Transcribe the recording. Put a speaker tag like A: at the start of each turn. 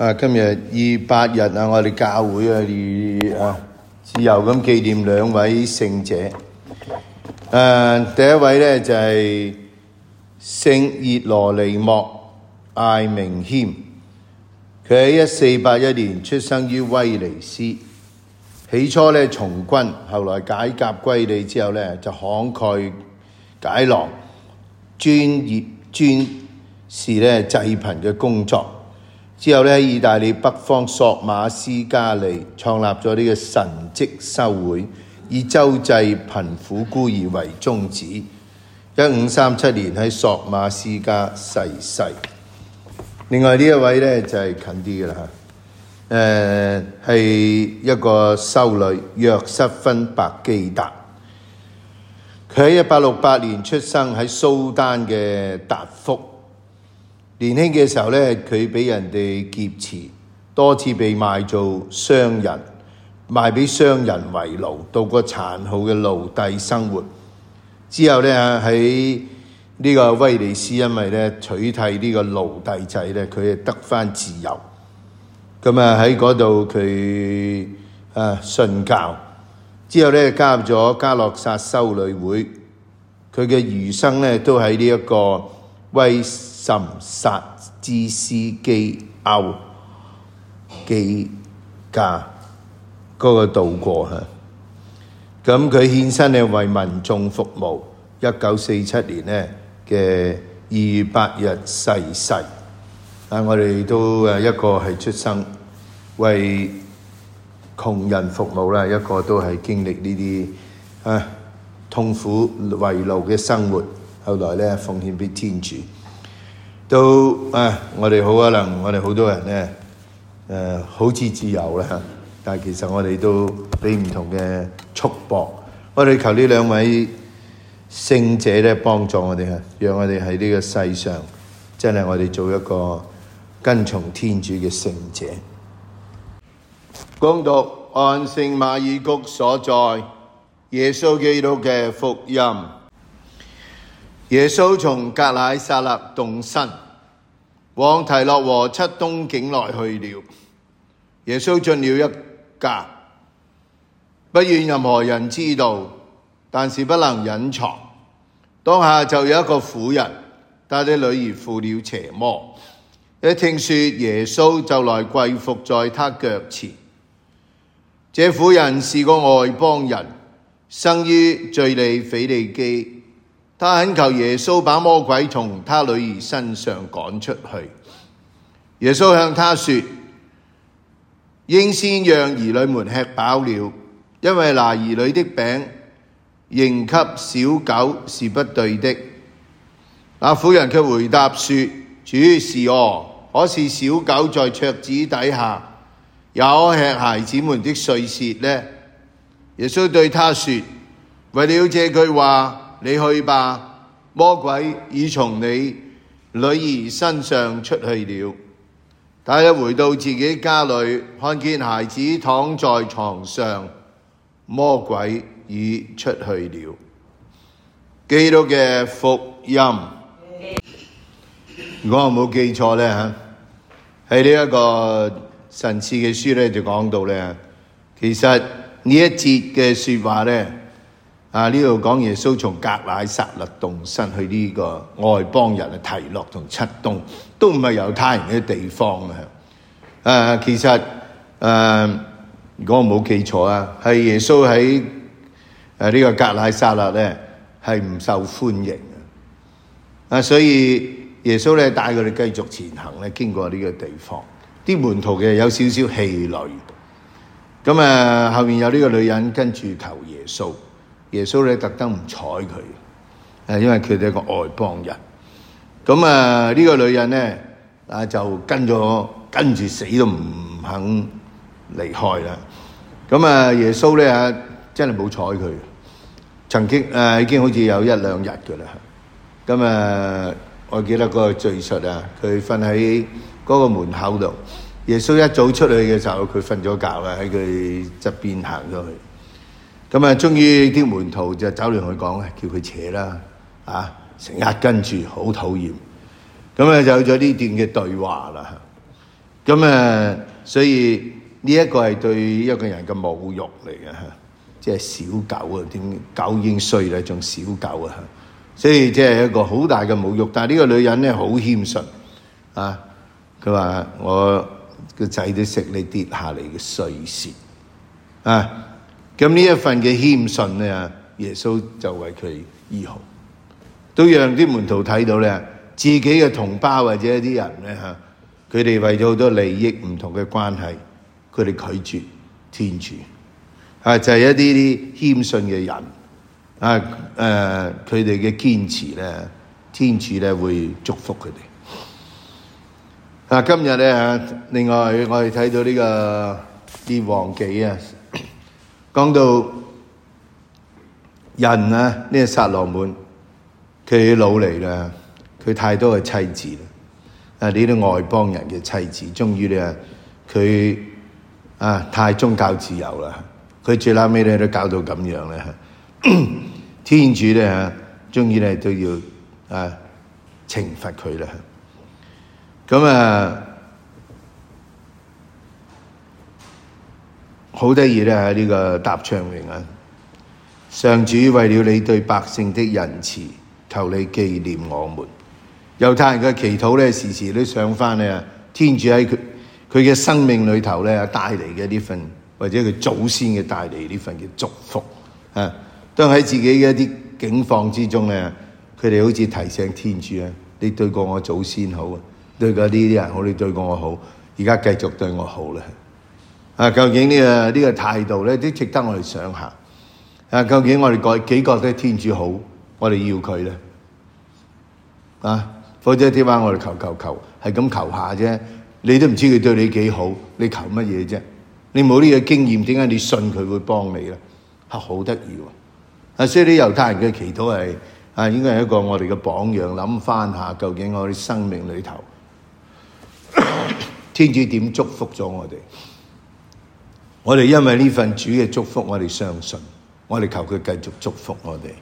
A: 啊！今日二八日啊，我哋教會啊，自由咁紀念兩位聖者。誒、啊，第一位咧就係聖熱羅尼莫艾明謙，佢喺一四八一年出生於威尼斯。起初咧從軍，後來解甲歸里之後咧就慷慨解囊，專業專事咧濟貧嘅工作。之後咧，喺意大利北方索馬斯加利創立咗呢個神職修會，以周濟貧苦孤兒為宗旨。一五三七年喺索馬斯加逝世。另外呢一位咧就係、是、近啲嘅啦嚇，誒、呃、係一個修女約瑟芬白基達，佢喺一八六八年出生喺蘇丹嘅達福。年輕嘅時候咧，佢俾人哋劫持，多次被賣做商人，賣俾商人為奴，度過殘酷嘅奴隸生活。之後咧喺呢個威尼斯，因為咧取締呢個奴隸制咧，佢啊得翻自由。咁啊喺嗰度佢啊信教，之後咧加入咗加洛薩修女會。佢嘅餘生咧都喺呢一個威。甚殺之斯基歐基加嗰個度過嚇，咁佢獻身咧為民眾服務。一九四七年咧嘅二月八日逝世。啊，我哋都誒一個係出生為窮人服務啦，一個都係經歷呢啲啊痛苦遺留嘅生活。後來咧，奉獻俾天主。都啊！我哋好可能，我哋好多人呢，誒，好似自由啦，但係其實我哋都俾唔同嘅束縛。我哋求呢兩位聖者咧幫助我哋啊，讓我哋喺呢個世上，真係我哋做一個跟從天主嘅聖者。恭讀《安聖馬爾谷》所在，耶穌基督嘅福音。耶穌從革乃撒勒動身。往提洛和七東境內去了。耶穌進了一家，不願任何人知道，但是不能隱藏。當下就有一個婦人，帶着女兒附了邪魔。一聽說耶穌就來跪伏在他腳前。這婦人是個外邦人，生於敘利亞腓尼基。他懇求耶穌把魔鬼從他女兒身上趕出去。耶穌向他說： 應先讓兒女們吃飽了，因為拿兒女的餅扔給小狗是不對的。那婦人却回答說： 主是哦，可是小狗在桌子底下有吃孩子們的碎屑呢。耶穌對他說：為了這句話。你去吧，魔鬼已從你女兒身上出去了。但係一回到自己家裏，看見孩子躺在牀上，魔鬼已出去了。基督嘅福音，如果我冇記錯呢，在喺呢一個神賜嘅書咧就講到呢。其實呢一節嘅說話呢。啊！呢度講耶穌從格拉薩勒動身去呢個外邦人嘅提洛同七東，都唔係猶太人嘅地方啊！誒，其實誒，如果我冇記錯啊，係耶穌喺誒呢個格拉薩勒咧，係唔受歡迎嘅啊！啊，所以耶穌咧帶佢哋繼續前行咧，經過呢個地方，啲門徒嘅有少少氣餒。咁啊，後面有呢個女人跟住求耶穌。耶穌咧特登唔睬佢，誒，因為佢哋係一個外邦人。咁啊，呢個女人咧啊，就跟咗跟住死都唔肯離開啦。咁啊，耶穌咧啊，真係冇睬佢。曾經誒，已經好似有一兩日噶啦。咁啊，我記得嗰個敘述啊，佢瞓喺嗰個門口度。耶穌一早出去嘅時候，佢瞓咗覺啦，喺佢側邊行咗去。咁啊，終於啲門徒就走嚟同佢講啊，叫佢扯啦，啊，成日跟住好討厭。咁啊，就有咗呢段嘅對話啦。咁啊，所以呢一個係對一個人嘅侮辱嚟嘅，即係小狗啊，點解狗已經衰啦，仲小狗啊，所以即係一個好大嘅侮辱。但係呢個女人咧好謙遜啊，佢話我個仔都食你跌下嚟嘅碎屑啊。咁呢一份嘅謙遜咧，耶穌就為佢醫好，都讓啲門徒睇到咧，自己嘅同胞或者一啲人咧吓，佢哋為咗好多利益唔同嘅關係，佢哋拒絕天主，啊就係一啲啲謙遜嘅人，啊誒佢哋嘅堅持咧，天主咧會祝福佢哋。啊，今日咧吓，另外我哋睇到呢個啲王紀啊。講到人呢、這個、羅啊，呢個薩羅門，佢老嚟啦，佢太多嘅妻子啦，啊呢啲外邦人嘅妻子，終於咧，佢啊太宗教自由啦，佢最拉尾咧都搞到咁樣啦、啊，天主咧啊，終於咧都要啊懲罰佢啦，咁啊。啊好得意咧呢個答唱詠啊！上主為了你對百姓的仁慈，求你紀念我們。猶太人嘅祈禱咧，時時都想翻呢。天主喺佢佢嘅生命裏頭咧帶嚟嘅呢份，或者佢祖先嘅帶嚟呢份嘅祝福啊，都喺自己嘅一啲境況之中咧，佢哋好似提醒天主啊，你對過我祖先好啊，對過呢啲人好，你對過我好，而家繼續對我好咧。啊！究竟，這個這個，態度呢個呢個態度咧，都值得我哋想下。啊！究竟我哋幾幾個都天主好，我哋要佢咧。啊！否則點話我哋求求求，係咁求，求，求，求下啫。你都唔知佢對你幾好，你求乜嘢啫？你冇呢個經驗，點解你信佢會幫你咧？係好得意喎。啊，所以啲猶太人嘅祈禱係啊，應該係一個我哋嘅榜樣。諗翻下，究竟我哋生命裏頭， 天主點祝福咗我哋？我哋因為呢份主嘅祝福，我哋相信，我哋求佢繼續祝福我哋。